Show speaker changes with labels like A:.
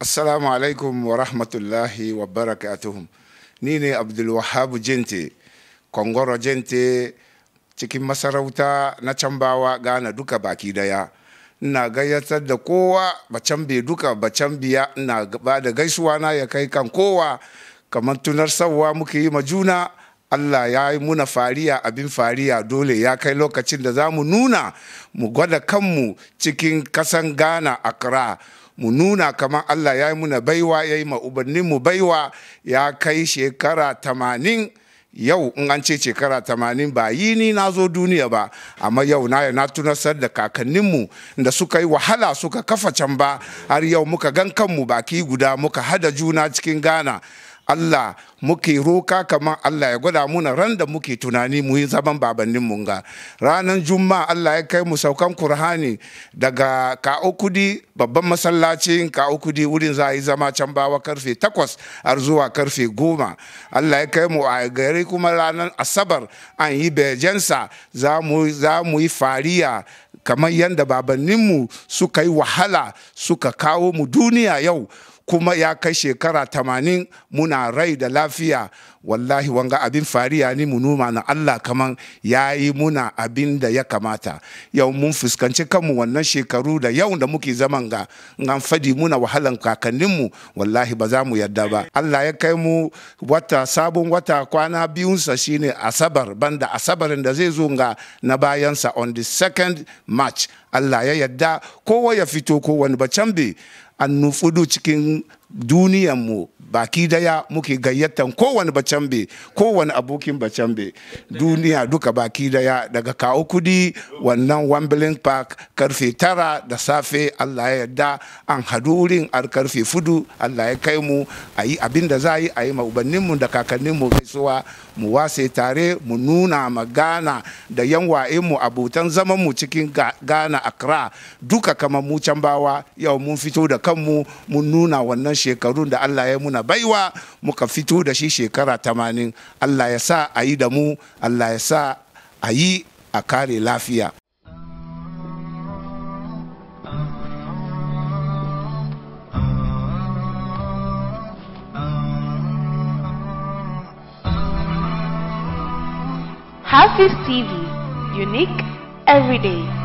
A: Assalamu alaikum wa rahmatullahi wa barakatuhum. Ni ne abdulwahab Jente, Kongoro Jente cikin masarauta na Cambawa gane duka baki daya. Ina gayyatar da kowa bai duka biya. ina ba da gaisuwa na ya kai kan kowa kamar tunar sauwa muke yi ma juna Allah ya yi muna fariya abin fariya dole ya kai lokacin da za mu nuna mu gwada kanmu cikin kasan Ghana Accra. mu nuna kamar Allah ya yi muna baiwa ya yi mu baiwa ya kai shekara tamanin yau in an ce shekara tamanin ba yi ni na zo duniya ba amma yau na na tunasar da kakanninmu da suka yi wahala suka kafa can ba har yau muka gan kanmu baki guda muka hada juna cikin gana. Allah muke roka kamar Allah ya gwada muna ran da muke tunani mu yi zaman babannin munga ga ranar juma'a Allah ya kai mu saukan kurhani daga ka'o kudi babban masallacin ka'o kudi wurin za a yi zama can bawa karfe takwas har zuwa karfe goma Allah ya kai mu a gari kuma ranar asabar an yi bejensa za mu yi fariya kamar yadda babanninmu suka yi wahala suka kawo mu duniya yau kuma ya kai shekara tamanin muna rai da lafiya wallahi wanga abin fariya ni mu numa na Allah kaman ya yi muna abin da ya kamata yau mun fuskanci kanmu wannan shekaru da yau da muke zaman ga an fadi muna wahalan kakanninmu wallahi ba za mu yadda ba Allah ya kai mu wata sabon wata kwana biyunsa shine asabar banda asabarin da zai zo ga na bayansa on the second march Allah ya yadda kowa ya fito ko wani bacan bai annufudu cikin duniyanmu baki daya muke gayyatan kowane be kowane abokin bacan bacambe duniya duka baki daya daga kawo kudi wannan wambling park karfe tara da safe allah ya yarda an hadu wurin ar karfe fudu allah ya kai mu a yi abin da za yi a yi mu da kakanninmu gaisuwa mu wase tare mu nuna ma Ghana. da yan wa'inmu abotan zaman mu cikin gana accra duka kamar mu can bawa yau mun fito da kanmu mun nuna wannan shekarun da Allah ya muna baiwa muka fito da shi shekara tamanin Allah ya sa a yi da mu Allah ya sa a yi a kare lafiya Hafiz TV, unique every day.